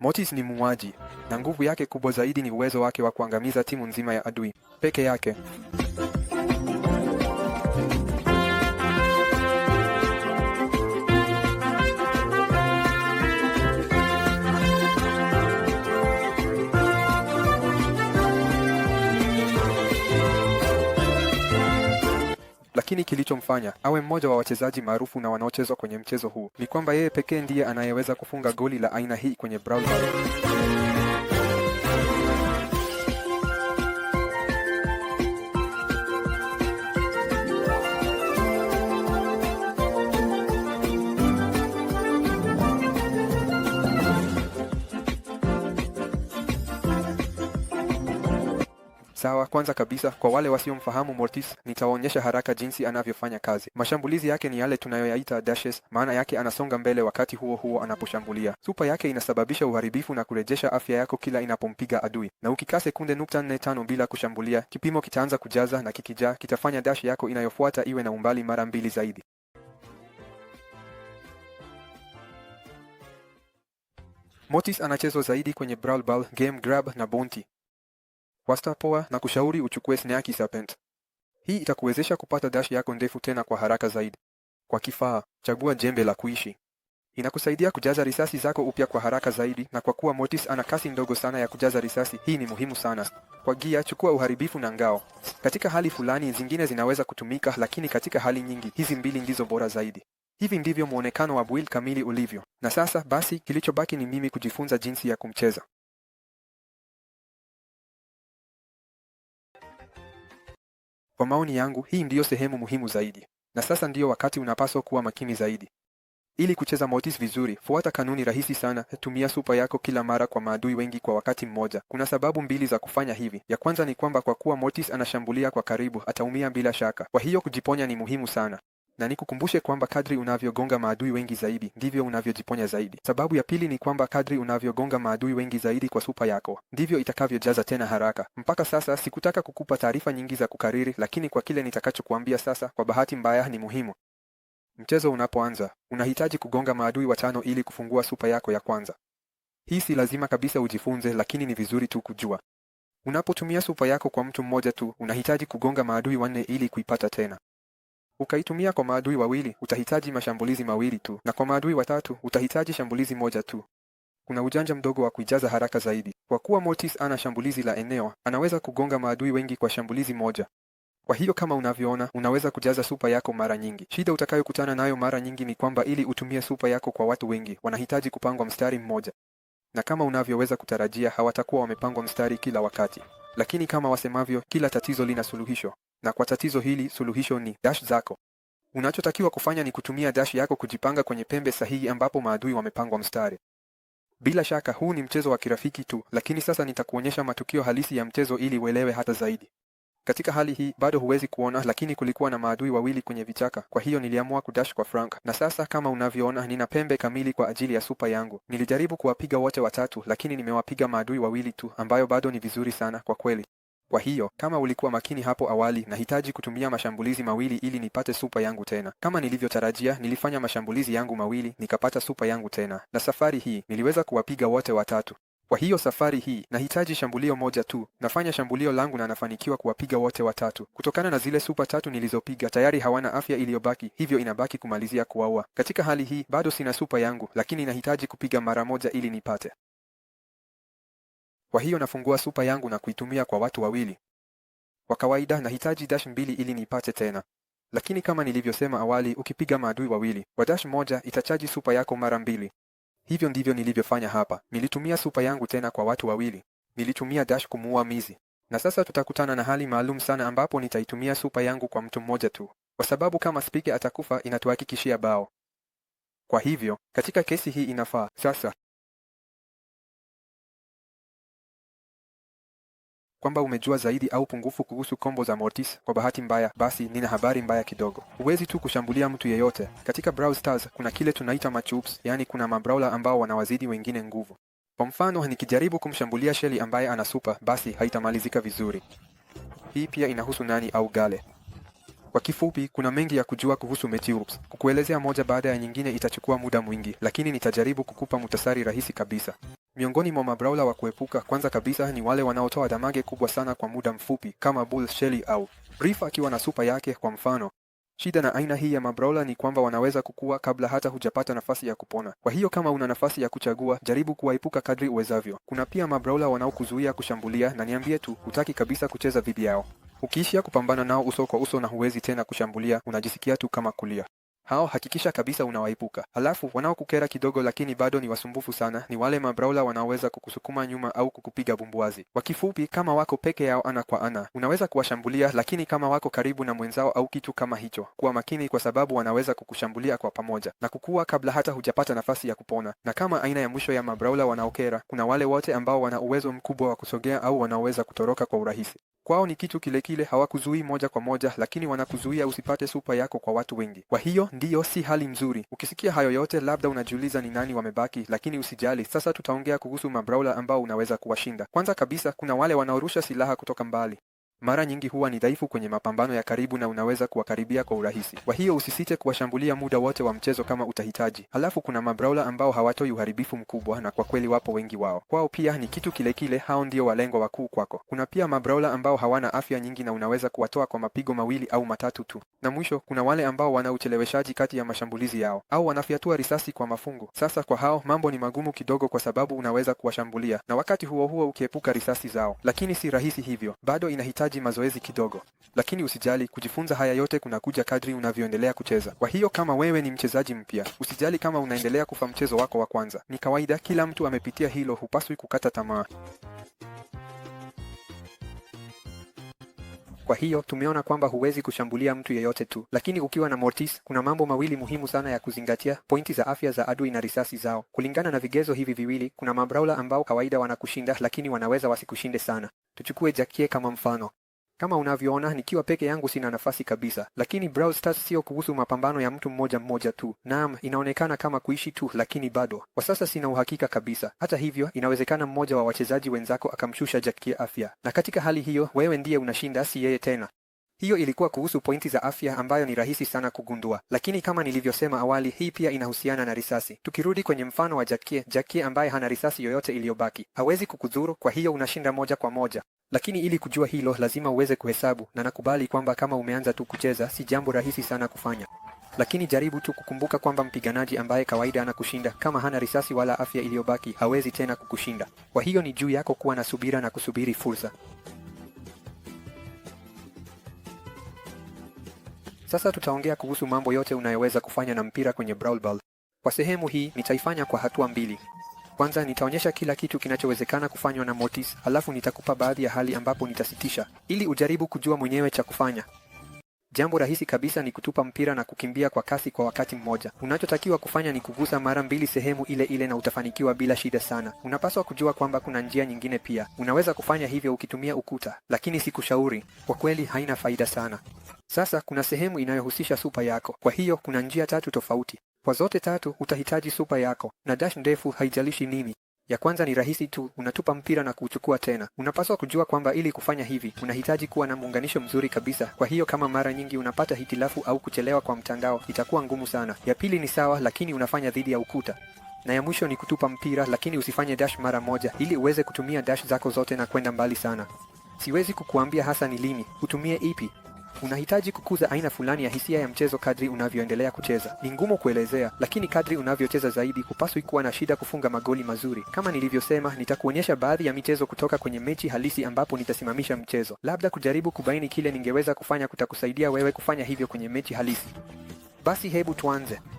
Mortis ni muuaji na nguvu yake kubwa zaidi ni uwezo wake wa kuangamiza timu nzima ya adui peke yake. Lakini kilichomfanya awe mmoja wa wachezaji maarufu na wanaochezwa kwenye mchezo huu ni kwamba yeye pekee ndiye anayeweza kufunga goli la aina hii kwenye Brawl sawa. Kwanza kabisa, kwa wale wasiomfahamu Mortis, nitawaonyesha haraka jinsi anavyofanya kazi. Mashambulizi yake ni yale tunayoyaita dashes, maana yake anasonga mbele wakati huo huo anaposhambulia. Supa yake inasababisha uharibifu na kurejesha afya yako kila inapompiga adui, na ukikaa sekunde nukta nne tano bila kushambulia, kipimo kitaanza kujaza, na kikijaa kitafanya dash yako inayofuata iwe na umbali mara mbili zaidi. Mortis anachezwa zaidi kwenye Brawl Ball, Game Grab na Bounty. Wastapoa na kushauri uchukue Snaky Serpent. Hii itakuwezesha kupata dash yako ndefu tena kwa haraka zaidi. Kwa kifaa, chagua jembe la kuishi. Inakusaidia kujaza risasi zako upya kwa haraka zaidi na kwa kuwa Mortis ana kasi ndogo sana ya kujaza risasi, hii ni muhimu sana. Kwa gia, chukua uharibifu na ngao. Katika hali fulani zingine zinaweza kutumika, lakini katika hali nyingi hizi mbili ndizo bora zaidi. Hivi ndivyo mwonekano wa build kamili ulivyo. Na sasa basi, kilichobaki ni mimi kujifunza jinsi ya kumcheza. Kwa maoni yangu, hii ndiyo sehemu muhimu zaidi, na sasa ndiyo wakati unapaswa kuwa makini zaidi. Ili kucheza motis vizuri, fuata kanuni rahisi sana: tumia supa yako kila mara kwa maadui wengi kwa wakati mmoja. Kuna sababu mbili za kufanya hivi. Ya kwanza ni kwamba kwa kuwa motis anashambulia kwa karibu, ataumia bila shaka, kwa hiyo kujiponya ni muhimu sana na nikukumbushe kwamba kadri unavyogonga maadui wengi zaidi ndivyo unavyojiponya zaidi. Sababu ya pili ni kwamba kadri unavyogonga maadui wengi zaidi kwa supa yako ndivyo itakavyojaza tena haraka. Mpaka sasa sikutaka kukupa taarifa nyingi za kukariri, lakini kwa kile nitakachokuambia sasa, kwa bahati mbaya ni muhimu. Mchezo unapoanza unahitaji kugonga maadui watano ili kufungua supa yako ya kwanza. Hii si lazima kabisa ujifunze, lakini ni vizuri tu kujua. Unapotumia supa yako kwa mtu mmoja tu, unahitaji kugonga maadui wanne ili kuipata tena. Ukaitumia kwa maadui wawili, utahitaji mashambulizi mawili tu, na kwa maadui watatu utahitaji shambulizi moja tu. Kuna ujanja mdogo wa kuijaza haraka zaidi. Kwa kuwa Mortis ana shambulizi la eneo, anaweza kugonga maadui wengi kwa shambulizi moja. Kwa hiyo kama unavyoona, unaweza kujaza supa yako mara nyingi. Shida utakayokutana nayo mara nyingi ni kwamba ili utumie supa yako kwa watu wengi, wanahitaji kupangwa mstari mmoja, na kama unavyoweza kutarajia, hawatakuwa wamepangwa mstari kila wakati. Lakini kama wasemavyo, kila tatizo lina suluhisho. Na kwa tatizo hili suluhisho ni dash zako. Unachotakiwa kufanya ni kutumia dash yako kujipanga kwenye pembe sahihi ambapo maadui wamepangwa mstari. Bila shaka huu ni mchezo wa kirafiki tu, lakini sasa nitakuonyesha matukio halisi ya mchezo ili uelewe hata zaidi. Katika hali hii bado huwezi kuona, lakini kulikuwa na maadui wawili kwenye vichaka, kwa hiyo niliamua kudash kwa Frank, na sasa kama unavyoona, nina pembe kamili kwa ajili ya supa yangu. Nilijaribu kuwapiga wote watatu, lakini nimewapiga maadui wawili tu, ambayo bado ni vizuri sana kwa kweli. Kwa hiyo kama ulikuwa makini hapo awali, nahitaji kutumia mashambulizi mawili ili nipate supa yangu tena. Kama nilivyotarajia, nilifanya mashambulizi yangu mawili nikapata supa yangu tena, na safari hii niliweza kuwapiga wote watatu. Kwa hiyo safari hii nahitaji shambulio moja tu. Nafanya shambulio langu na nafanikiwa kuwapiga wote watatu. Kutokana na zile supa tatu nilizopiga, tayari hawana afya iliyobaki, hivyo inabaki kumalizia kuwaua. Katika hali hii bado sina supa yangu, lakini nahitaji kupiga mara moja ili nipate kwa hiyo nafungua supa yangu na kuitumia kwa watu wawili. Kwa kawaida nahitaji dash mbili ili niipate tena, lakini kama nilivyosema awali, ukipiga maadui wawili kwa dash moja itachaji supa yako mara mbili. Hivyo ndivyo nilivyofanya hapa. Nilitumia supa yangu tena kwa watu wawili. Nilitumia dash kumuua mizi, na sasa tutakutana na hali maalum sana ambapo nitaitumia supa yangu kwa mtu mmoja tu, kwa sababu kama spika atakufa inatuhakikishia bao. Kwa hivyo katika kesi hii inafaa sasa kwamba umejua zaidi au pungufu kuhusu kombo za Mortis, kwa bahati mbaya, basi nina habari mbaya kidogo. Huwezi tu kushambulia mtu yeyote. Katika Brawl Stars kuna kile tunaita matchups, yaani kuna mabrawler ambao wanawazidi wengine nguvu. Kwa mfano, nikijaribu kumshambulia Shelly ambaye ana super, basi haitamalizika vizuri. Hii pia inahusu Nani au Gale. Kwa kifupi, kuna mengi ya kujua kuhusu Meteorps. Kukuelezea moja baada ya nyingine itachukua muda mwingi, lakini nitajaribu kukupa mutasari rahisi kabisa. Miongoni mwa mabrawla wa kuepuka kwanza kabisa ni wale wanaotoa damage kubwa sana kwa muda mfupi kama Bull Shelly au Brief akiwa na supa yake kwa mfano. Shida na aina hii ya mabrawla ni kwamba wanaweza kukua kabla hata hujapata nafasi ya kupona. Kwa hiyo kama una nafasi ya kuchagua, jaribu kuwaepuka kadri uwezavyo. Kuna pia mabrawla wanaokuzuia kushambulia na niambie tu, hutaki kabisa kucheza dhidi yao. Ukiishia kupambana nao uso kwa uso na huwezi tena kushambulia, unajisikia tu kama kulia. Hao hakikisha kabisa unawaepuka. Halafu wanaokukera kidogo lakini bado ni wasumbufu sana ni wale mabraula wanaoweza kukusukuma nyuma au kukupiga bumbuazi. Kwa kifupi, kama wako peke yao ana kwa ana, unaweza kuwashambulia, lakini kama wako karibu na mwenzao au kitu kama hicho, kuwa makini kwa sababu wanaweza kukushambulia kwa pamoja na kukua kabla hata hujapata nafasi ya kupona. Na kama aina ya mwisho ya mabraula wanaokera, kuna wale wote ambao wana uwezo mkubwa wa kusogea au wanaoweza kutoroka kwa urahisi. Kwao ni kitu kile kile, hawakuzuii moja kwa moja, lakini wanakuzuia usipate supa yako kwa watu wengi. Kwa hiyo Ndiyo, si hali mzuri Ukisikia hayo yote, labda unajiuliza ni nani wamebaki, lakini usijali. Sasa tutaongea kuhusu mabraula ambao unaweza kuwashinda. Kwanza kabisa, kuna wale wanaorusha silaha kutoka mbali mara nyingi huwa ni dhaifu kwenye mapambano ya karibu na unaweza kuwakaribia kwa urahisi. Kwa hiyo usisite kuwashambulia muda wote wa mchezo kama utahitaji. Halafu kuna mabraula ambao hawatoi uharibifu mkubwa, na kwa kweli wapo wengi wao. Kwao pia ni kitu kile kile, hao ndio walengwa wakuu kwako. Kuna pia mabraula ambao hawana afya nyingi na unaweza kuwatoa kwa mapigo mawili au matatu tu. Na mwisho kuna wale ambao wana ucheleweshaji kati ya mashambulizi yao au wanafyatua risasi kwa mafungo. Sasa kwa hao mambo ni magumu kidogo, kwa sababu unaweza kuwashambulia na wakati huo huo ukiepuka risasi zao, lakini si rahisi hivyo, bado inahitaji unahitaji mazoezi kidogo, lakini usijali, kujifunza haya yote kunakuja kadri unavyoendelea kucheza. Kwa hiyo kama wewe ni mchezaji mpya, usijali kama unaendelea kufa mchezo wako wa kwanza. Ni kawaida, kila mtu amepitia hilo, hupaswi kukata tamaa. Kwa hiyo tumeona kwamba huwezi kushambulia mtu yeyote tu, lakini ukiwa na Mortis kuna mambo mawili muhimu sana ya kuzingatia: pointi za afya za adui na risasi zao. Kulingana na vigezo hivi viwili, kuna mabraula ambao kawaida wanakushinda, lakini wanaweza wasikushinde sana. Tuchukue jakie kama mfano. Kama unavyoona nikiwa peke yangu sina nafasi kabisa, lakini Brawl Stars sio kuhusu mapambano ya mtu mmoja mmoja tu. Naam, inaonekana kama kuishi tu, lakini bado kwa sasa sina uhakika kabisa. Hata hivyo, inawezekana mmoja wa wachezaji wenzako akamshusha Jack kiafya, na katika hali hiyo wewe ndiye unashinda, si yeye tena. Hiyo ilikuwa kuhusu pointi za afya ambayo ni rahisi sana kugundua, lakini kama nilivyosema awali, hii pia inahusiana na risasi. Tukirudi kwenye mfano wa Jackie, Jackie ambaye hana risasi yoyote iliyobaki hawezi kukudhuru, kwa hiyo unashinda moja kwa moja. Lakini ili kujua hilo, lazima uweze kuhesabu, na nakubali kwamba kama umeanza tu kucheza, si jambo rahisi sana kufanya lakini jaribu tu kukumbuka kwamba mpiganaji ambaye kawaida anakushinda kama hana risasi wala afya iliyobaki hawezi tena kukushinda. Kwa hiyo ni juu yako kuwa na subira na kusubiri fursa. Sasa tutaongea kuhusu mambo yote unayoweza kufanya na mpira kwenye Brawl Ball. Kwa sehemu hii nitaifanya kwa hatua mbili. Kwanza nitaonyesha kila kitu kinachowezekana kufanywa na Mortis, halafu nitakupa baadhi ya hali ambapo nitasitisha ili ujaribu kujua mwenyewe cha kufanya. Jambo rahisi kabisa ni kutupa mpira na kukimbia kwa kasi kwa wakati mmoja. Unachotakiwa kufanya ni kugusa mara mbili sehemu ile ile na utafanikiwa bila shida sana. Unapaswa kujua kwamba kuna njia nyingine pia. Unaweza kufanya hivyo ukitumia ukuta, lakini sikushauri. Kwa kweli haina faida sana. Sasa kuna sehemu inayohusisha supa yako, kwa hiyo kuna njia tatu tofauti. Kwa zote tatu utahitaji supa yako na dash ndefu, haijalishi nini. Ya kwanza ni rahisi tu, unatupa mpira na kuuchukua tena. Unapaswa kujua kwamba ili kufanya hivi unahitaji kuwa na muunganisho mzuri kabisa, kwa hiyo kama mara nyingi unapata hitilafu au kuchelewa kwa mtandao itakuwa ngumu sana. Ya pili ni sawa, lakini unafanya dhidi ya ukuta na ya mwisho ni kutupa mpira lakini usifanye dash mara moja, ili uweze kutumia dash zako zote na kwenda mbali sana. Siwezi kukuambia hasa ni lini utumie ipi, Unahitaji kukuza aina fulani ya hisia ya mchezo kadri unavyoendelea kucheza. Ni ngumu kuelezea, lakini kadri unavyocheza zaidi, hupaswi kuwa na shida kufunga magoli mazuri. Kama nilivyosema, nitakuonyesha baadhi ya michezo kutoka kwenye mechi halisi ambapo nitasimamisha mchezo. Labda kujaribu kubaini kile ningeweza kufanya kutakusaidia wewe kufanya hivyo kwenye mechi halisi. Basi hebu tuanze.